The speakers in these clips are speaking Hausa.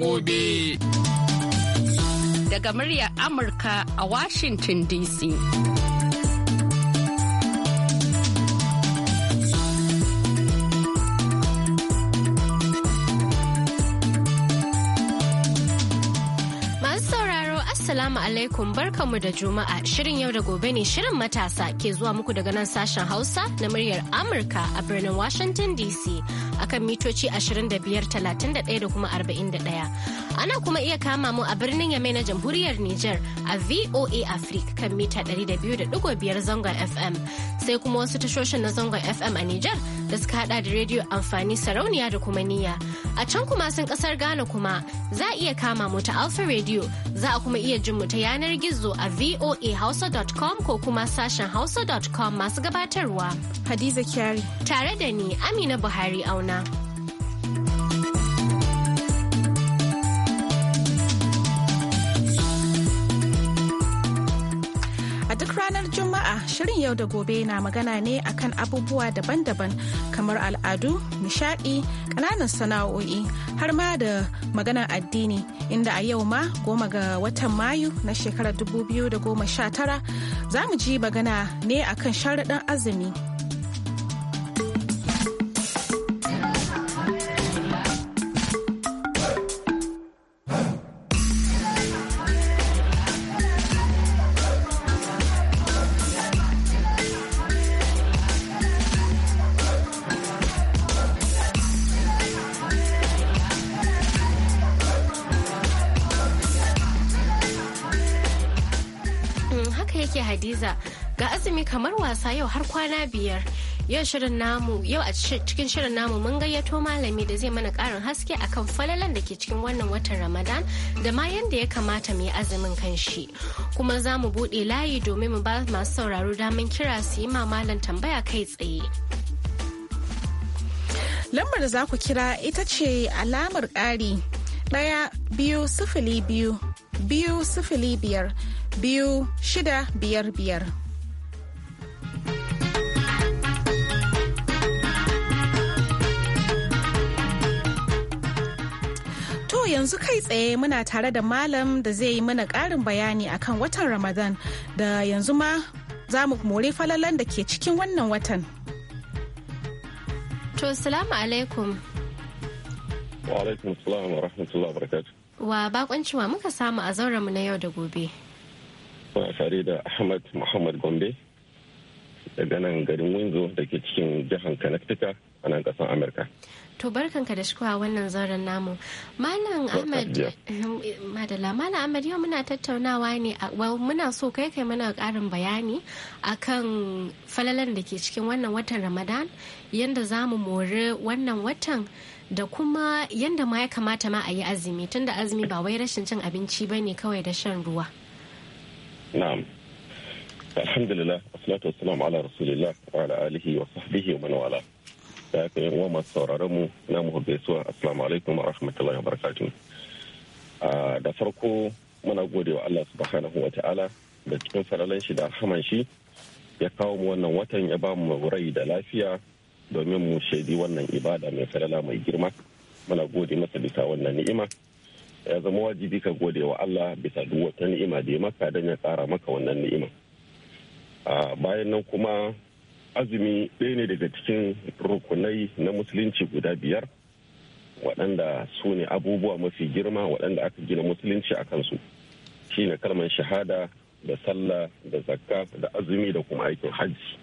gobe. Daga muryar Amurka a Washington DC. Assalamu alaikum barkanmu da Juma'a shirin yau da gobe ne shirin matasa ke zuwa muku daga nan sashen Hausa na muryar Amurka a birnin Washington DC. kan mitoci 25,31 da kuma 41. Ana kuma iya kama mu a birnin Yamai na Jamhuriyar Nijar a VOA Africa kan mita 200.5 zangon FM. Sai kuma wasu tashoshin na zangon FM a Nijar da suka hada da rediyo amfani sarauniya da kuma niyya. A can kuma sun kasar Ghana kuma za a iya kama mu ta Alpha Radio za a kuma iya jin mu ta yanar gizo a voahausa.com ko kuma sashen hausa.com masu gabatarwa. Hadiza Kyari. Tare da ni Amina Buhari auna. shirin yau da gobe na magana ne akan abubuwa daban-daban kamar al'adu, nishadi, ƙananan sana'o'i har ma da maganar addini inda a yau ma goma ga watan Mayu na shekarar 2019 za mu ji magana ne akan sharaɗin azumi. Hadiza ga azumi kamar wasa yau har kwana biyar. Yau shirin namu yau a cikin shirin namu mun gayyato malami da zai mana karin haske akan falalan da ke cikin wannan watan Ramadan da ma yanda ya kamata mu yi azumin kan shi. Kuma za mu buɗe layi domin mu ba masu sauraro daman kira su yi mamalan tambaya kai tsaye. Lambar da za ku kira ita ce alamar ƙari ɗaya biyu sifili biyu biyu sifili biyar biyu shida biyar biyar. To yanzu kai tsaye muna tare da malam da zai yi mana ƙarin bayani akan watan Ramadan da yanzu ma za mu more falalan da ke cikin wannan watan. To, salamu alaikum. Wa alaikum salam wa rahmatullahi wa barakatuh. Wa wa muka samu a zauren mu na yau da gobe. Kuna tare da Ahmad Muhammad Gombe daga nan garin Windsor da ke cikin jihar Connecticut a nan kasan Amurka. To barkanka da shikowa wannan zauren namu. Malam Ahmad Madala, Malam Ahmad yau muna tattaunawa ne muna so kai kai mana karin bayani akan falalan da ke cikin wannan watan Ramadan yadda za mu mori wannan watan da kuma yadda ma ya kamata ma a yi azumi tunda azumi ba wai rashin cin abinci ba ne kawai da shan ruwa. na'am alhamdulillah assalatu wassalamu ala rasulillah wa ala alihi wa sahbihi wa man wala da aka yan uwa masu sauraron mu na mu gaisuwa assalamu alaikum wa rahmatullahi da farko muna godewa wa Allah subhanahu wa ta'ala da cikin falalan shi da rahaman shi ya kawo mu wannan watan ya ba mu rai da lafiya domin mu shaidi wannan ibada mai falala mai girma muna gode masa bisa wannan ni'ima ya zama wajibi ka gode wa Allah bisa duk wata ni'ima da ya maka don ya tsara maka wannan ni'ima bayan nan kuma azumi ɗaya ne daga cikin rukunai na musulunci guda biyar waɗanda su ne abubuwa mafi girma waɗanda aka gina musulunci a kansu shi ne kalmar shahada da sallah da zakka da azumi da kuma aikin hajji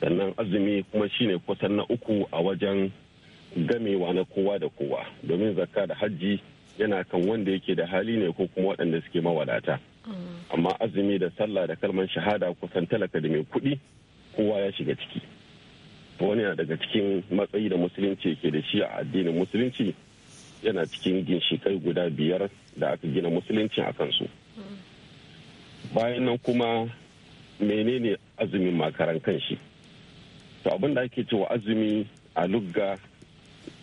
sannan azumi kuma shine kusan na uku a wajen gamewa na kowa da kowa domin zakka da hajji yana kan wanda yake da hali ne ko kuma waɗanda suke mawadata amma azumi da sallah da kalman shahada kusan talaka da mai kuɗi kowa ya shiga ciki wani yana daga cikin matsayi da musulunci ke da shi a addinin musulunci yana cikin ginshikai guda biyar da aka gina musulunci a kansu bayan nan kuma menene azumin makaran kanshi to abin da ake cewa azumi a lugga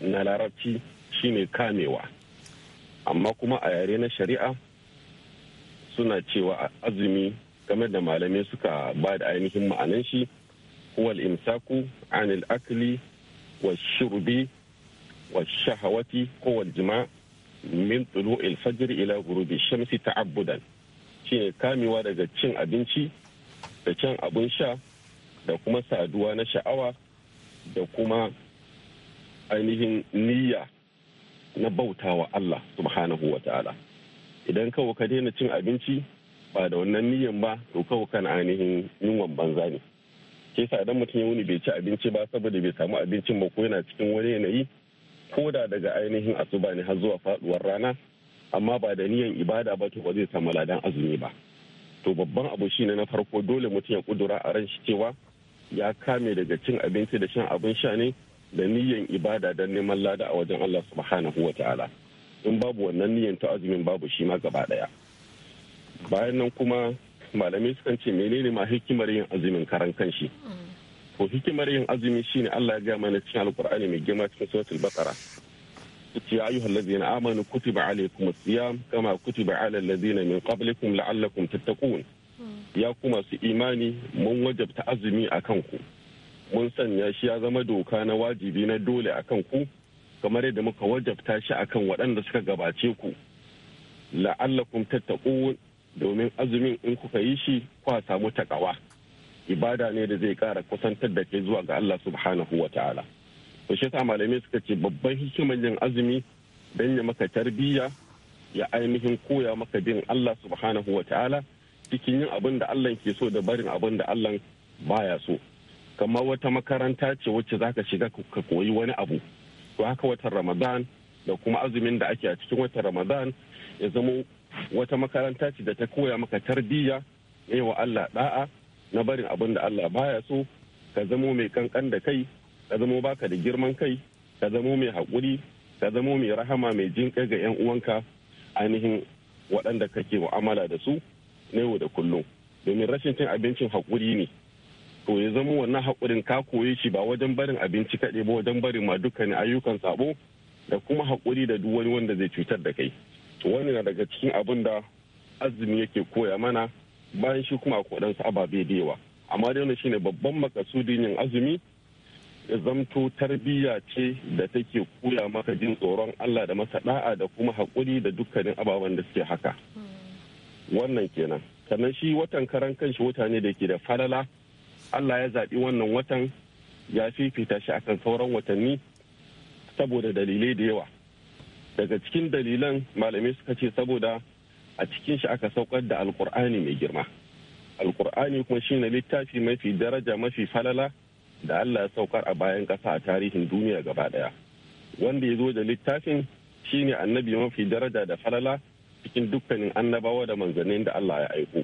na larabci shine kamewa amma kuma a yare na shari'a suna cewa azumi game da malamai suka ba da ainihin ma'anan shi huwal imsaku anil akli wa shurbi wa shahawati ko wal jima min ila gurubi shamsi shi shine kamewa daga cin abinci da can abun sha da kuma saduwa na sha'awa da kuma ainihin niyya na bautawa Allah subhanahu wa ta'ala idan kawai ka daina cin abinci ba da wannan niyyan ba to kawai kana ainihin yunwan banza ne ke sa idan mutum ya wuni bai ci abinci ba saboda bai samu abincin ba ko yana cikin wani yanayi ko da daga ainihin asuba ne har zuwa faduwar rana amma ba da niyan ibada ba to ba zai samu ladan azumi ba to babban abu shine na farko dole mutum ya kudura a ran shi cewa ya kame daga cin abinci da shan abin sha ne da niyyar ibada don neman lada a wajen Allah subhanahu wa ta'ala in babu wannan niyan ta azumin babu shi ma gaba daya bayan nan kuma malamai sukan ce menene ma hikimar yin azumin karan kanshi ko hikimar yin azumi shine Allah ya ga mana cikin Alqur'ani mai girma cikin suratul baqara يا أيها الذين آمنوا siyam kama kutiba كما كتب min qablikum la'allakum tattaqun hmm. ya kuma su imani mun wajabta azumi akan ku. mun sanya shi ya zama doka na wajibi na dole akan ku kamar yadda muka wajabta shi a kan waɗanda suka gabace ku la'allakum tattaqu domin azumin in kuka yi shi kwa samu takawa ibada ne da zai ƙara kusantar da ke zuwa ga Allah subhanahu wa ta'ala to shi sa malamai suka ce babban hikimar yin azumi dan ya maka tarbiyya ya ainihin koya maka bin Allah subhanahu wa ta'ala cikin yin abin da Allah ke so da barin abin da Allah baya so kamar wata makaranta ce wacce za ka shiga ka koyi wani abu to haka watan ramadan da kuma azumin da ake a cikin watan ramadan ya zama wata makaranta ce da ta koya maka tarbiyya na wa allah da'a na barin abin da allah baya so ka zamo mai kankan da kai ka zamo baka da girman kai ka zamo mai haƙuri ka zamo mai rahama mai jin ga 'yan uwanka ainihin waɗanda kake mu'amala da su na yau da kullum domin rashin cin abincin haƙuri ne to ya zama wannan haƙurin ka koye shi ba wajen barin abinci kaɗai ba wajen barin ma dukkanin ayyukan sabo da kuma haƙuri da duk wani wanda zai cutar da kai to wani na daga cikin abin da azumi yake koya mana bayan shi kuma akwai ɗansu ababe da yawa amma dai wannan shine babban makasudin yin azumi ya zamto tarbiyya ce da take koya maka jin tsoron Allah da masa da'a da kuma haƙuri da dukkanin ababen da suke haka hmm. wannan kenan sannan shi watan karan kanshi wuta ne da ke da falala Allah ya zaɓi wannan watan ya fifita shi akan sauran watanni saboda dalilai da yawa daga cikin dalilan malamai suka ce saboda a cikin shi aka saukar da alkur'ani mai girma alkur'ani kuma shine littafi mafi daraja mafi falala da allah ya saukar a bayan ƙasa a tarihin duniya gaba ɗaya wanda ya zo da littafin shine annabi mafi daraja da falala cikin dukkanin annabawa da manzannin da allah ya aiko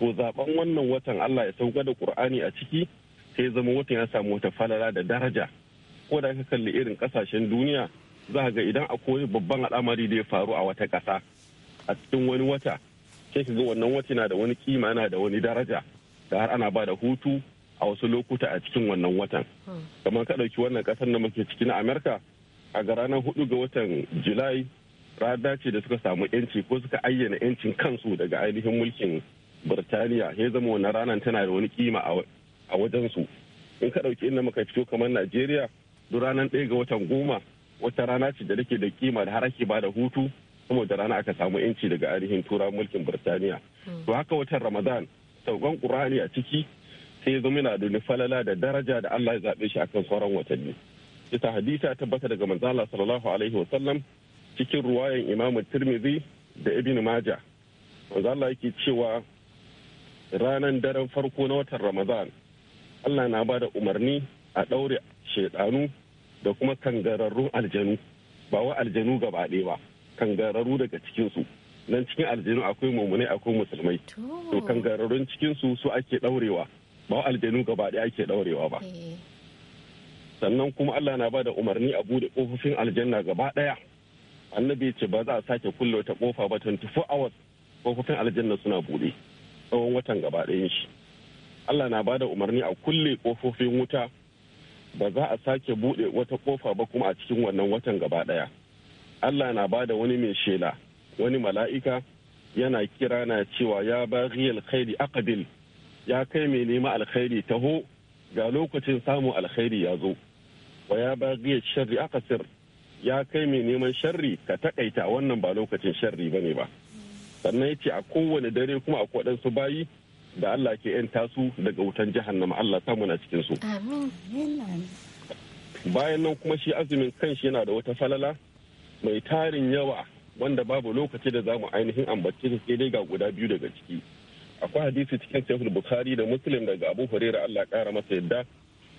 ko zaben wannan watan Allah ya sauka da kur'ani a ciki sai zama watan ya samu wata falala da daraja ko da aka kalli irin kasashen duniya za ga idan akwai babban al'amari da ya faru a wata ƙasa a cikin wani wata sai ka ga wannan wata na da wani kima na da wani daraja da har ana ba da hutu a wasu lokuta a cikin wannan watan kamar ka ɗauki wannan ƙasar da muke ciki na amerika a ga ranar hudu ga watan julai rada ce da suka samu yanci ko suka ayyana yancin kansu daga ainihin mulkin birtaniya ya zama wannan ranar tana da wani kima a wajensu in ka ɗauki inda muka fito kamar najeriya duk ranar ɗaya ga watan goma wata rana ce da take da kima da har ake ba da hutu saboda rana aka samu yanci daga arihin tura mulkin birtaniya hmm. to haka watan ramadan saukan ƙur'ani a ciki sai ya zama yana da falala da daraja da allah ya zaɓe shi akan sauran watanni ita hadisa tabbata daga manzala sallallahu alaihi wa sallam cikin ruwayan imamu tirmidhi da ibn majah allah yake cewa ranar daren farko na watan ramadan allah na ba da umarni a ɗaure shaidanu da kuma kangararrun aljanu ba wa aljanu gaba ɗaya ba kangararru daga cikinsu nan cikin aljanu akwai mummunai akwai musulmai to kangararrun cikinsu su ake ɗaurewa ba wa aljanu gaba ɗaya ake ɗaurewa ba eh. sannan kuma allah na ba da umarni a buɗe ƙofofin aljanna gaba ɗaya annabi ce ba za a sake kulle wata ƙofa ba 24 hours ƙofofin aljanna suna buɗe tsawon watan gaba ɗayan shi allah na ba da umarni a kulle ƙofofin wuta ba za a sake buɗe wata ƙofa ba kuma a cikin wannan watan gaba ɗaya allah na ba da wani mai shela wani mala'ika yana kira na cewa ya baghi alkhairi aqbil ya kai mai nema alkhairi taho ga lokacin samun alkhairi ya zo wa ya baghi sharri aqsir ya kai mai neman sharri ka takaita wannan ba lokacin sharri bane ba sannan ya ce a kowane dare kuma a waɗansu bayi da Allah ke 'yan tasu daga wutan jahannama Allah ta na cikin su. Bayan nan kuma shi azumin kanshi yana da wata falala mai tarin yawa wanda babu lokaci da zamu ainihin ambace ta sai dai ga guda biyu daga ciki. Akwai hadisi cikin Sahih Bukhari da Muslim daga Abu Hurairah Allah kara masa yadda.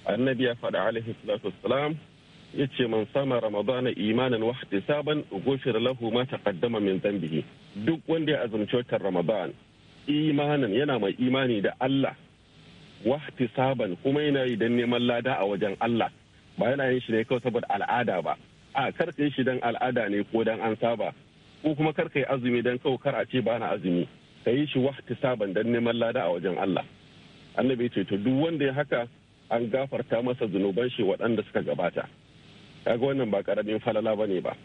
Annabi ya faɗa alaihi salatu wassalam ya ce man sama ramadana imanin wa ihtisaban ghufira lahu ma taqaddama min dhanbihi duk wanda ya azumci watan ramadan imanin yana mai imani da Allah wa ihtisaban kuma yana yi dan neman lada a wajen Allah ba yana yin shi ne kawai saboda al'ada ba a kar yi shi dan al'ada ne ko dan an saba ko kuma kar yi azumi dan kawai kar a ce ba na azumi ka yi shi wa ihtisaban dan neman lada a wajen Allah annabi ce to duk wanda ya haka an gafarta masa zunuban shi waɗanda suka gabata kaga wannan ba karamin falala bane ba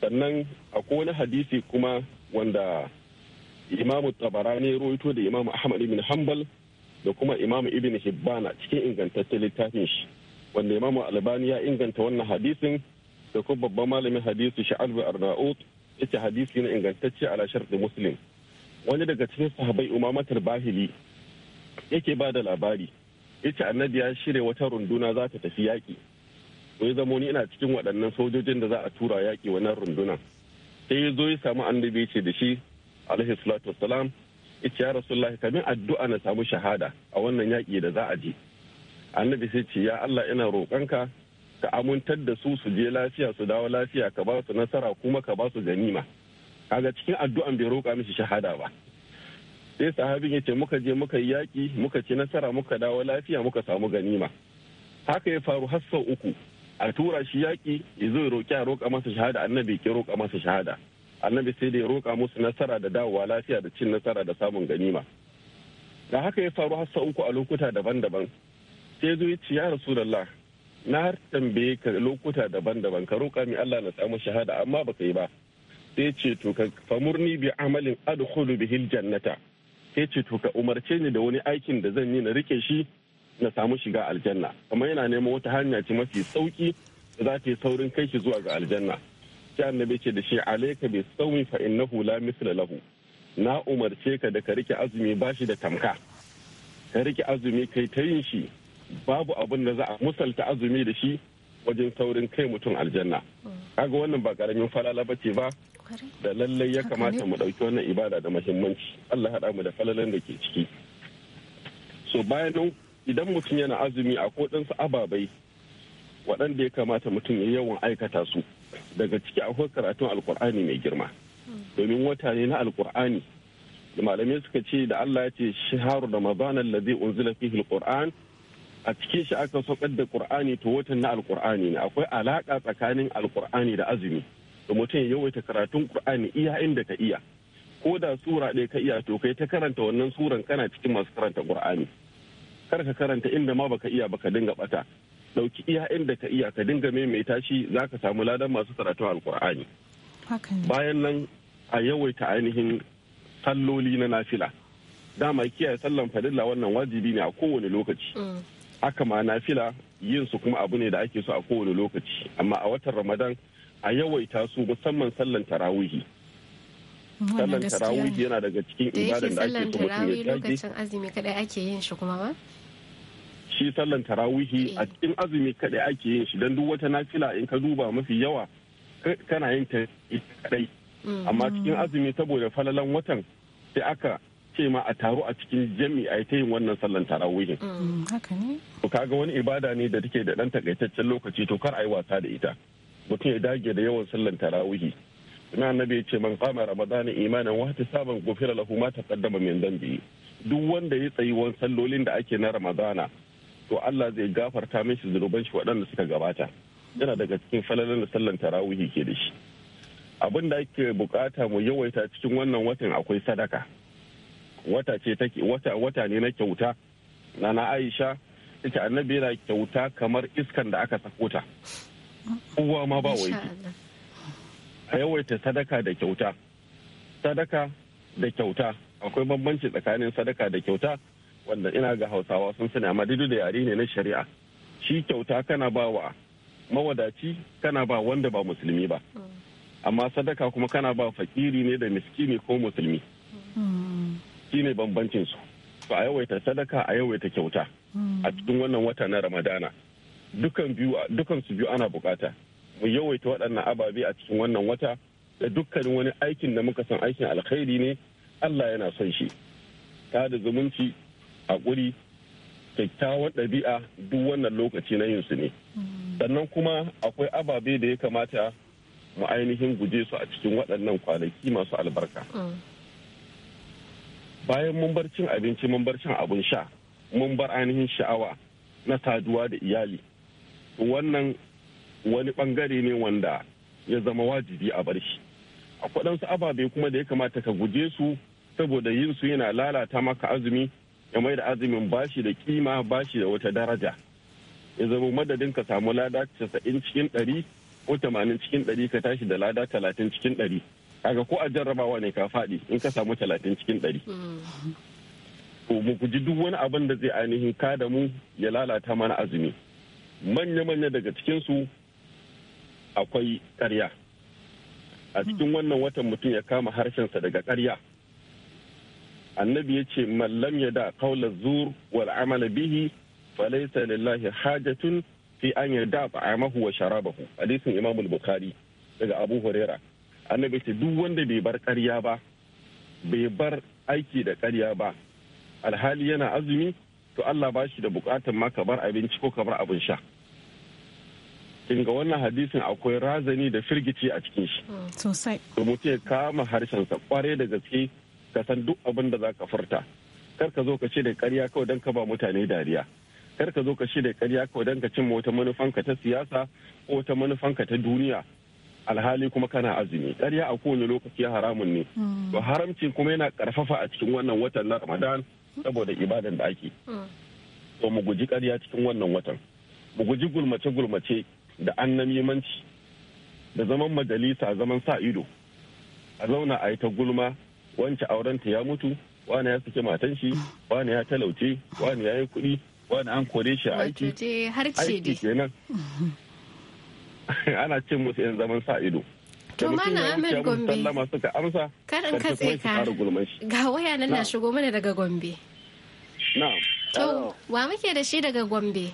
sannan akwai wani hadisi kuma wanda imamu tabarani ruwaito da imamu ahmad ibn hanbal da kuma imamu ibn hibbana cikin ingantaccen littafin shi wanda imamu albani ya inganta wannan hadisin da kuma babban malamin hadisi sha'albi arnaut yace hadisi na ingantacce ala sharɗi muslim wani daga cikin sahabai umamatar bahili yake ba da labari yace annabi ya shirya wata runduna za ta tafi yaki. sai zamo ni ina cikin waɗannan sojojin da za a tura yaƙi wannan rundunan sai ya zo ya samu annabi ce da shi alaihi salatu wassalam ita ya rasulullah kamin addu'a na samu shahada a wannan yaƙi da za a je annabi sai ce ya Allah ina roƙonka ka amintar da su su je lafiya su dawo lafiya ka ba su nasara kuma ka ba su ganima kaga cikin addu'an bai roƙa mishi shahada ba sai sahabin ya ce muka je muka yi yaƙi muka ci nasara muka dawo lafiya muka samu ganima haka ya faru har sau uku a tura shi yaƙi ya zo ya roƙi a roƙa masa shahada annabi ke roƙa masa shahada annabi sai da ya roƙa musu nasara da dawowa lafiya da cin nasara da samun ganima da haka ya faru har uku a lokuta daban-daban sai zo ya ce ya rasulallah na har tambaye ka lokuta daban-daban ka roƙa mi Allah na samu shahada amma baka yi ba sai ce to ka famurni bi amalin adkhulu bihil jannata sai ce to ka umarce ni da wani aikin da zan yi na rike shi na samu shiga aljanna kamar yana neman wata hanya ce mafi sauki da za ta yi saurin kai shi zuwa ga aljanna sai annabi ce da shi alayka bi sawmi fa innahu la misla lahu na umarce ka da ka rike azumi bashi da tamka ka rike azumi kai ta yin shi babu abin da za a musalta azumi da shi wajen saurin kai mutum aljanna kaga wannan ba karamin falala bace ba da lallai ya kamata mu ɗauki wannan ibada da muhimmanci Allah haɗa mu da falalan da ke ciki so bayan idan mutum yana azumi a kodansu ababai waɗanda ya kamata mutum ya yawan aikata su daga ciki akwai karatun alkur'ani mai girma domin wata ne na alkur'ani da malamai suka ce da allah ya ce shaharu da da zai unzila fihil alkur'an a cikin shi aka saukar da qur'ani to watan na alkur'ani ne akwai alaka tsakanin alkur'ani da azumi da mutum ya yawaita karatun qur'ani iya inda ka iya ko da sura ɗaya ka iya to kai ta karanta wannan suran kana cikin masu karanta qur'ani kar ka karanta inda ma baka iya baka dinga bata dauki iya inda ka iya ka dinga maimaita shi za ka samu ladan masu karatu alkur'ani bayan nan a yawaita ainihin salloli na nafila dama kiyaye sallan fadilla wannan wajibi ne a kowane lokaci mm. haka ma nafila yin su kuma abu ne da ake so a kowane lokaci amma a watan ramadan a yawaita su musamman sallan tarawihi sallan tarawih yana daga cikin ibadan da ake so mutum ya lokacin azumi kadai ake yin shi kuma ba shi sallan tarawihi eh. a cikin azumi kadai ake yin shi don duk wata nafila in ka duba mafi yawa kana yin ta kadai mm. amma cikin azumi saboda falalan watan sai aka ce ma a taru a cikin jami a ta yin wannan sallan tarawih mm. mm, to kaga wani ibada ne da take da dan takaitaccen lokaci to kar a yi wasa da ita mutum ya dage da yawan sallan tarawihi na annabi ya ce man kama ramadana imanin wa tisaban gufira lahu ma taqaddama min biyu. duk wanda ya tsayi wan sallolin da ake na ramadana to Allah zai gafarta mishi zunuban shi waɗanda suka gabata yana daga cikin falalan da sallan tarawihi ke da shi abin da ake bukata mu yawaita cikin wannan watan akwai sadaka wata ce take wata wata ne na kyauta na na Aisha ita annabi yana kyauta kamar iskan da aka sako ta kowa ma ba wai a yawaita sadaka da kyauta sadaka da kyauta akwai bambanci tsakanin sadaka da kyauta wanda ina ga hausawa sun sani amma duk da yare ne na shari'a shi kyauta kana ba wa mawadaci kana ba wanda ba musulmi ba amma sadaka kuma kana ba fakiri ne da miskini ko musulmi shi ne bambancin su a yawaita sadaka a yawaita kyauta a cikin wannan wata na ramadana dukan biyu dukan su biyu ana bukata mu yawaita waɗannan ababe a cikin wannan wata da dukkanin wani aikin da muka san aikin alkhairi ne allah yana son shi da zumunci a guri kyakkyawan ɗabi'a duk wannan lokaci na yin su ne sannan kuma akwai ababe da ya kamata mu ainihin guje su a cikin waɗannan kwanaki masu albarka bayan mun bar cin abinci mun bar cin abin sha mun bar ainihin sha'awa na saduwa da iyali wannan wani bangare ne wanda ya zama wajibi a bar shi akwai ɗansu ababe kuma da ya kamata ka guje su saboda yin su yana lalata maka azumi ya mai da azumin bashi da kima bashi da wata daraja ya zama madadin ka samu lada casa'in cikin dari ko tamanin cikin dari ka tashi da lada talatin cikin dari kaga ko a jarrabawa ne ka fadi in ka samu talatin cikin dari. to mu guji duk wani abin da zai ainihin ka da mu ya lalata mana azumi manya-manya daga cikinsu akwai karya a hmm. cikin wannan watan mutum ya kama harshensa daga karya annabi ya ce mallam ya da kaula zur wal amala bihi falaisa lillahi hajatun fi an ya yarda ba'amahu wa sharabahu hadisin imam bukhari daga abu huraira annabi ce duk wanda bai bar karya ba bai bar aiki da karya ba alhali yana azumi to Allah ba shi da bukatan ma ka bar abinci ko ka bar abin sha kin ga wannan hadisin akwai razani da firgici a cikin shi hmm. sosai to mutum ya kama sa kwarai da gaske ka san duk abin da zaka furta kar ka zo ka ce da ƙarya kawai dan ka ba mutane dariya kar ka zo ka ce da ƙarya kawai dan ka cimma wata manufanka ta siyasa ko wata manufanka ta duniya alhali kuma kana azumi ƙarya a kowane lokaci haramun ne hmm. to haramci kuma yana karfafa a cikin wannan watan na ramadan saboda ibadan da ake hmm. to mu guji ƙarya cikin wannan watan mu guji gulmace gulmace da annamimanci da zaman majalisa zaman sa ido a zauna a yi ta gulma wance aurenta ya mutu wani ya suke matan shi wani ya talauce wani ya yi kuɗi wani an kore shi a aiki aiki kenan ana cin musu yan zaman sa ido to mana amir gombe sallama suka amsa karin katse ka ga waya nan na shigo mana daga gombe na'am to wa muke da shi daga gombe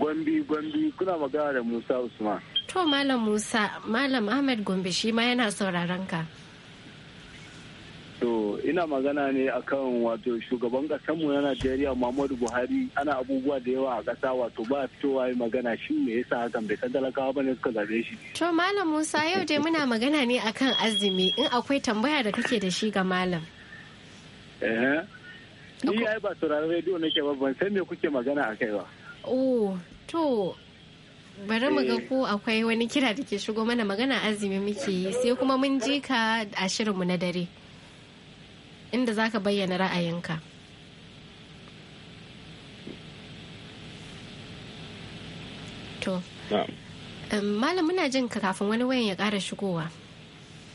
Gwambi gwambi kuna magana da Musa Usman. To Malam Musa, Malam Ahmed Gombe shi ma yana sauraron ka. To ina magana ne akan wato shugaban mu na Najeriya Muhammadu Buhari ana abubuwa da yawa a ƙasa wato ba fitowa yi magana shi me yasa hakan bai san talakawa bane suka zabe shi. To Malam Musa yau dai muna magana ne akan azumi in akwai tambaya da kake da shi ga Malam. Ni Ni yi ba sauraron rediyo nake ba ban san me kuke magana akai ba. Oh, To, bari mu ga eh. ko akwai wani kira da ke shigo mana magana azumi muke yi sai kuma mun ji ka a shirinmu na dare inda za ka bayyana ra'ayinka. To, um, malam muna jin ka kafin wani wayan ya ƙara shigowa.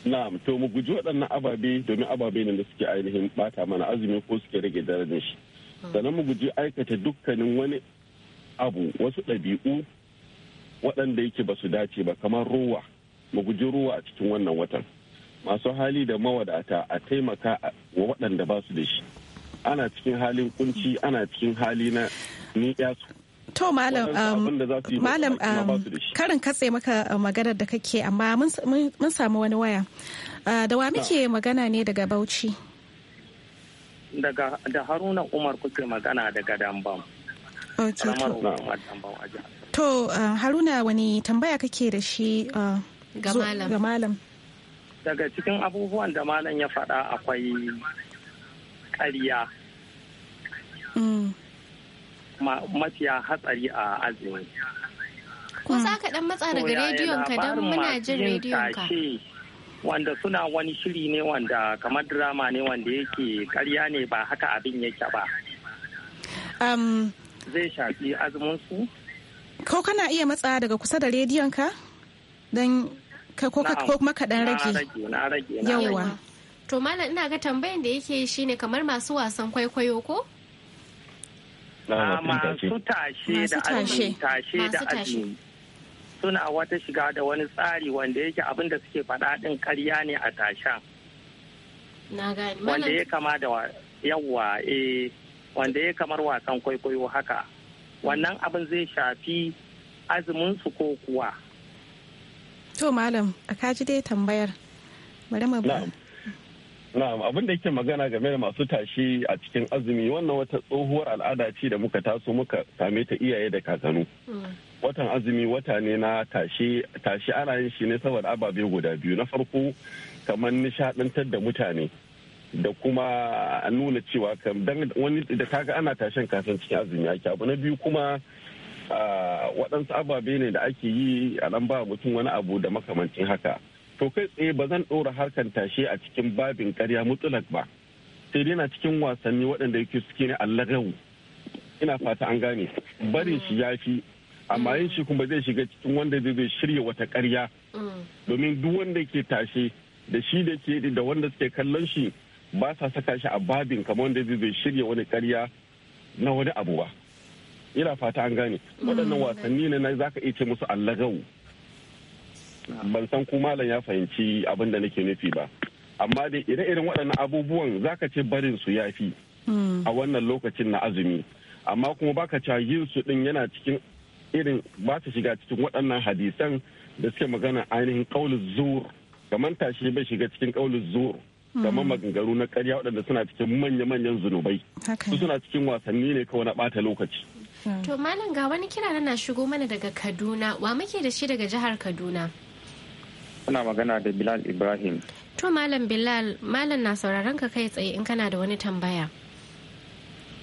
Na'am, to mu guji waɗannan ababe domin ababe ne da suke ainihin bata mana azumi ko suke rage darajin shi. Hmm. Sannan mu guji aikata dukkanin wani abu wasu ɗabi'u waɗanda yake ba su dace ba kamar ruwa mu guji ruwa a cikin wannan watan masu hali da mawadata a taimaka wa waɗanda ba su da shi ana cikin halin kunci ana cikin hali na ni To malam um, malam um, karin katse maka uh, maganar da kake amma mun samu wani waya. Uh, da wa muke magana ne daga Bauchi? Daga da Haruna Umar kuke magana daga Dambam. To uh, Haruna wani tambaya kake da shi uh, ga malam? Daga cikin abubuwan da malam ya faɗa akwai ƙarya. Mm. Mafiya hatsari a azumi. Ko za ka ɗan matsa daga rediyon ka don muna jin rediyon ka. Wanda suna wani shiri ne wanda kamar drama ne wanda yake ƙarya ne ba haka abin yake ba. Um, zai shafi azumin su ko kana iya matsa daga kusa da rediyon ka don ka ko kuma ka dan rage yawa to Mallam ina ga tambayan da yake ne kamar masu wasan kwaikwayo ko ah, masu tashe da tashe da azumi suna wata shiga da wani tsari wanda yake abin da suke faɗa ɗin ƙarya ne a tashan wanda ya kama da yawa eh wanda ya kamar wasan kwaikwayo haka wannan abin zai shafi azumin su ko kuwa to malam a kaji dai tambayar bari mu Na'am abin da yake magana game da masu tashi a cikin azumi wannan wata tsohuwar al'ada ce da muka taso muka same ta iyaye da kakannu Watan azumi wata ne na tashi tashi ana yin shi ne saboda ababe guda biyu na farko kamar nishadantar da mutane da kuma nuna cewa dan wani da kaga ana tashin kafin cikin azumi ake abu na biyu kuma waɗansu ababe ne da ake yi a ɗan ba mutum wani abu da makamancin haka to kai tsaye ba zan ɗora harkan tashe a cikin babin karya mutulak ba sai dai na cikin wasanni waɗanda yake suke ne allagau ina fata an gane barin shi ya fi amma yin shi kuma zai shiga cikin wanda zai shirya wata karya mm. domin duk wanda ke tashe da shi da ke da wanda suke kallon shi ba sa saka shi a babin kamar wanda zai shirya wani karya na wani abu ba ina fata an gane waɗannan mm. wasanni ne na zaka iya ce musu allagau ban san ko malam ya fahimci abin da nake nufi ba amma dai ire-iren waɗannan abubuwan zaka ce barin su yafi mm. a wannan lokacin na azumi amma kuma baka cewa yin su din yana cikin irin ba su shiga cikin waɗannan hadisan da suke magana ainihin kaulu zuwa kamar tashi bai shiga cikin kaulu zuwa kamar mm. maganganu na karya waɗanda suna cikin manya-manyan zunubai su suna cikin wasanni ne kawai na ɓata lokaci. Hmm. to malam ga wani kira na shigo mana daga kaduna wa muke da shi daga jihar kaduna. ana magana da bilal ibrahim. to malam bilal malam na sauraron ka kai tsaye in kana da wani tambaya.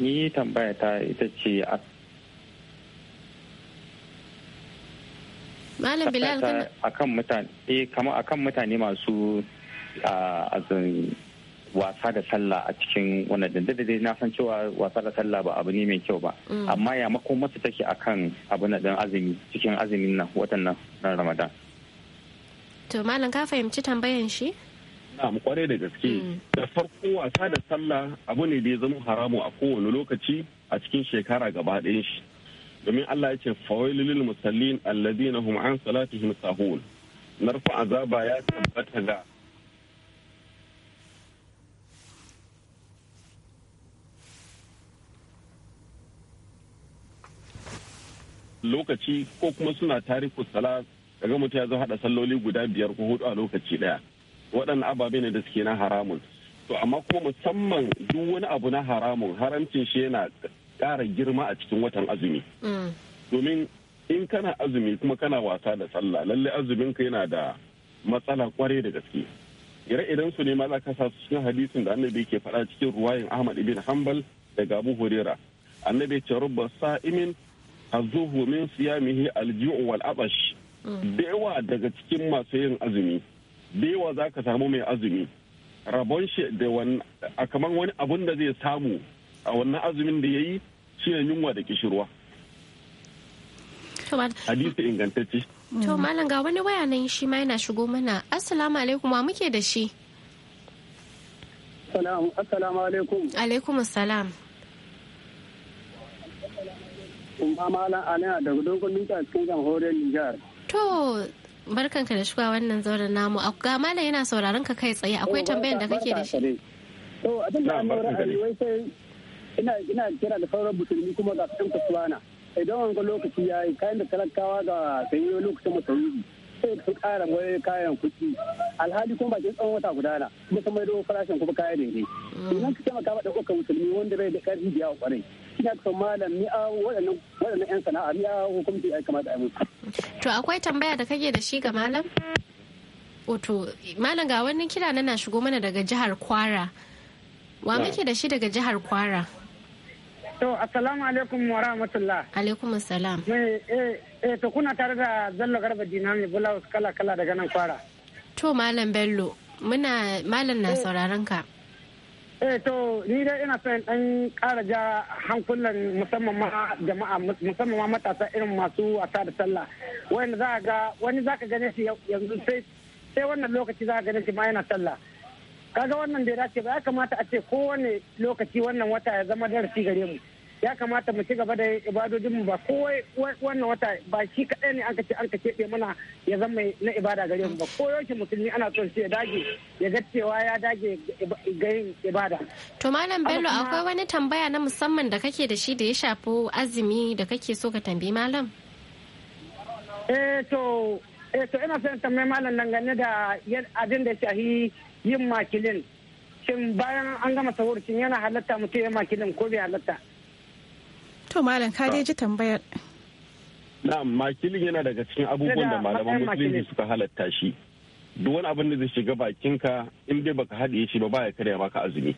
ni tambaya ta ita ce a Malam Bilal kana akan mutane eh kama akan mutane masu a wasa da sallah a cikin wannan dindin da na san cewa wasa da sallah ba abu ne mai kyau ba mm. amma ya mako masa take kan abu na dan azumi cikin azumin nan watan ramadan to malam ka fahimci tambayan shi na'am kwarai da gaske mm. da farko wasa da sallah abu ne da ya zama haramu a kowane lokaci a cikin shekara gaba ɗayan shi domin Allah ya ce lil musallin alladina hum an salatihim sahun narfa azaba ya tabbata ga lokaci ko kuma suna tariku sala daga mutum ya zo hada salloli guda biyar ko hudu a lokaci daya waɗannan ababe ne da suke na haramun to amma kuma musamman duk wani abu na haramun haramcin shi yana ƙara girma a cikin watan azumi mm. domin in kana azumi kuma kana wasa da sallah lalle azumin ka yana da matsala kwarai da gaske ire idan su ne ma za ka sa cikin hadisin da annabi ke faɗa cikin ruwayin ahmad ibn hanbal daga abu huraira annabi ce rubba sa'imin azuhu min siyamihi alji'u wal abash da yawa daga cikin masu yin azumi da yawa za ka samu mai azumi rabon shi da wani a kamar wani abun da zai samu a wannan azumin da ya yi shi ne yunwa da kishirwa hadisi ingantacce to malam ga wani waya nan shi ma yana shigo mana assalamu alaikum wa muke da shi assalamu alaikum alaikum assalam kuma malam a gudun dogon minta cikin jamhuriyar nijar. to barkanka da shiga wannan zauren namu ga malam yana sauraron ka kai tsaye akwai eh, tambayar da kake da shi. to abin da amma ra'ayi wai sai ina ina kira da sauran musulmi kuma ga cikin kasuwana idan wanga lokaci ya yi kayan da talakawa ga sayi lokacin masarufi sai su kara wani kayan kuɗi alhali kuma bakin tsawon wata guda na kuma sun dogon farashin kuma kaya daidai mm. idan ka taimaka ma ɗaukar musulmi wanda bai da ƙarfi da yawa ƙwarai ina son malam ni a waɗannan waɗannan 'yan sana'a ni a hukumci ya kamata a musu. To akwai tambaya da kake da shi ga malam? Wato malam ga wannan kira na na shigo mana daga jihar Kwara. Wa muke da shi daga jihar Kwara? To assalamu alaikum wa rahmatullah. Alaikum assalam. Eh, eh to kuna tare da Zallo Garba Dinami Bulawus kala kala daga nan Kwara. To malam Bello muna malam na eh. sauraron ka. eh to ni dai ina son dan ƙara ja hankulan musamman ma jama'a musamman ma matasa irin masu wasa da sallah wanda za ga wani za ka gane shi yanzu sai sai wannan lokaci za ka gane shi ma yana sallah kaga wannan da ya dace ba ya kamata a ce kowane lokaci wannan wata ya zama darasi gare mu ya kamata mu ci gaba da mu ba kowai wannan wata ba shi kaɗai ne an kace an kace keɓe mana ya zama na ibada gare mu ba ko yaushe musulmi ana son shi ya dage ya ga cewa ya dage ga yin ibada. To Malam Bello akwai wani tambaya na musamman da kake da shi da ya shafi azumi da kake so ka tambayi Malam? Eh to eh to ina son tambayi Malam dangane da abin da shahi yin makilin. Shin bayan an gama sahur shin yana halatta mutum ya makilin ko bai halatta? to malam ka dai ji tambayar na'am makilin yana daga cikin abubuwan da malaman musulunci suka halatta shi duk wani abin da zai shiga bakinka in dai baka haɗiye shi ba baya karya maka azumi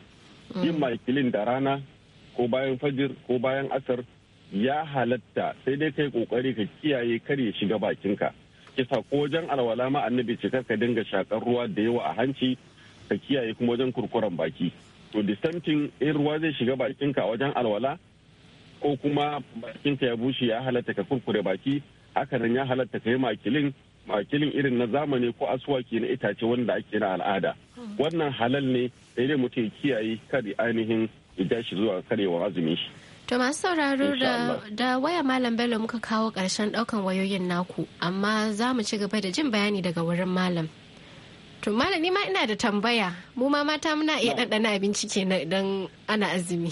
yin makilin da rana ko bayan fajir ko bayan asar ya halatta sai dai kai kokari ka kiyaye kar ya shiga bakinka kisa ko wajen alwala ma annabi ce ka dinga shakar ruwa da yawa a hanci ka kiyaye kuma wajen kurkuren baki to distantin in ruwa zai shiga bakinka a wajen alwala ko kuma bakinka ya bushe ya halatta ka kurkure baki haka nan ya halatta ka yi makilin makilin irin na zamani ko asuwaki na itace wanda ake na al'ada wannan halal ne sai dai mutum kiyaye kada ainihin ya shi zuwa karewa azumin shi To masu sauraro da, waya Malam Bello muka kawo karshen ɗaukan wayoyin naku, amma za mu ci gaba da jin bayani daga wurin Malam. To Malam ni ma ina da tambaya, mu ma mata muna iya ɗanɗana abinci kenan idan ana azumi.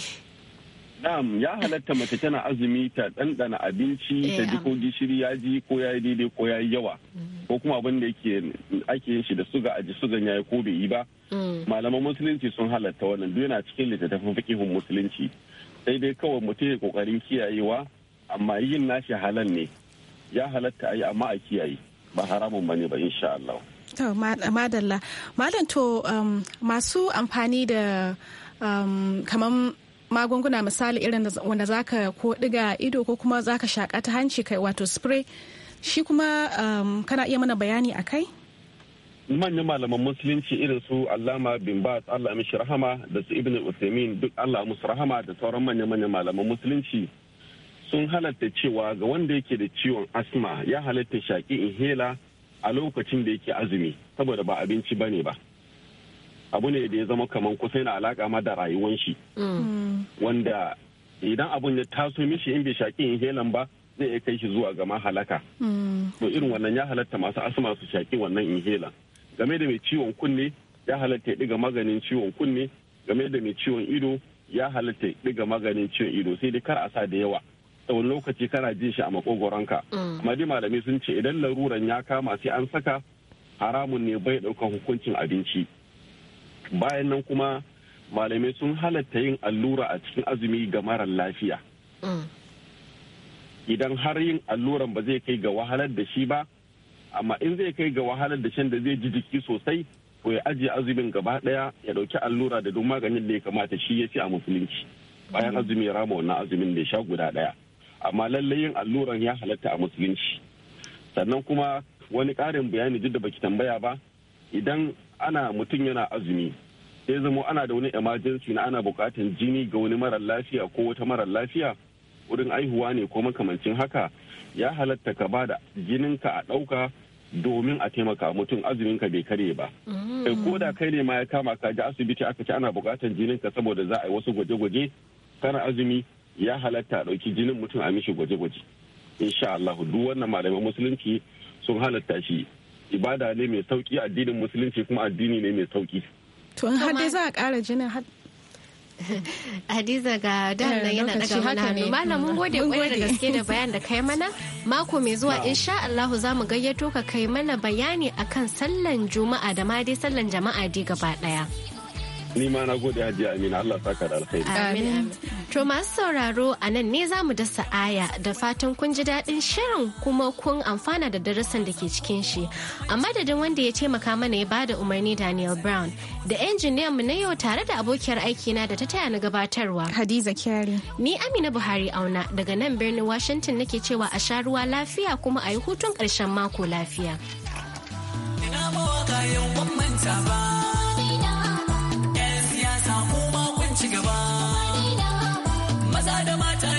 Na'am ya halatta mace tana azumi ta ɗanɗana abinci ta eh, ji ko gishiri ya ji ko ya yi daidai ko ya yi yawa mm. ko kuma abin da ake yin shi da suga a ji sugan ya yi ko bai yi ba. Mm. Malaman musulunci sun halatta wannan duk yana cikin littattafan fikihun musulunci sai dai kawai mutum ya kokarin kiyayewa amma yin nashi halal ne ya halatta a yi amma a kiyaye ba haramun ba ne ba insha Allah. To madalla malam to um, masu amfani da um, kamar magunguna misali irin wanda zaka ko diga ido ko kuma zaka shaka ta hanci kai wato spray shi kuma um, kana iya mana bayani a kai manyan malaman musulunci irin su allama bin bas allah mishi rahama da su ibn usaimin duk allah musu rahama da sauran manyan manyan malaman musulunci sun halatta cewa ga wanda yake da ciwon asma ya halatta shaki inhela a lokacin da yake azumi saboda ba abinci bane ba abu ne da ya zama kamar kusa yana alaka ma da rayuwan shi mm. wanda idan abun ya taso mishi in bai in helan ba zai iya kai shi zuwa gama halaka mm. to irin wannan ya halatta masu asma su shaƙi wannan in helan game da mai ciwon kunne ya halatta ya ɗiga maganin ciwon kunne game da mai ciwon ido ya halatta ya ɗiga maganin ciwon ido sai dai kar a sa da yawa tsawon lokaci kana jin shi a makogoronka mm. amma dai malamai sun ce idan laruran ya kama sai an saka haramun ne bai ɗaukan hukuncin abinci bayan nan kuma malamai sun halatta yin allura a cikin azumi ga marar lafiya mm. idan har yin alluran ba zai kai ga wahalar da shi ba amma in zai kai ga wahalar da shan da zai ji jiki sosai ko ya ajiye azumin gaba daya ya dauki allura da duk maganin da ya kamata shi ya ci a musulunci bayan azumi ya rama wannan azumin da ya sha guda daya amma lallai yin alluran ya halatta a musulunci sannan kuma wani karin bayani duk da baki tambaya ba idan ana mutum yana azumi sai zama ana da wani emergency na ana bukatan jini ga wani marar lafiya ko wata marar lafiya wurin aihuwa ne ko makamancin haka ya halatta ka ba da jinin ka a ɗauka domin a taimaka mutum azumin ka bai kare ba mm. eh, ko da kai ne ma ya kama ka ji asibiti aka ce ana bukatan jinin ka saboda za a yi wasu gwaje-gwaje kana azumi ya halatta a ɗauki jinin mutum a mishi gwaje-gwaje insha Allah duk wannan malaman musulunci sun halatta shi ibada ne mai sauki addinin musulunci kuma addini ne mai sauki to in za a ƙara jinin Hadiza ga dan eh, yana daga mana hannu. Malamin gode kwarai da gaske da bayan da kai mana. Mako mai zuwa insha Allahu za mu gayyato ka kai mana bayani akan sallan Juma'a da ma dai sallan jama'a dai gaba daya. Ni ma na gode hajji Amina Allah saka da alkhairi. Amin. To masu sauraro a nan ne za mu dasa aya da fatan kun ji daɗin shirin kuma kun amfana da darasin da ke cikin shi. A madadin wanda ya taimaka mana ya bada umarni Daniel Brown da injiniyan mu na yau tare da abokiyar aikina da ta taya na gabatarwa. Hadiza Kyari. Ni Amina Buhari Auna daga nan birnin Washington nake cewa a sha ruwa lafiya kuma a yi hutun ƙarshen mako lafiya. Ina ba. ci gaba maza da mata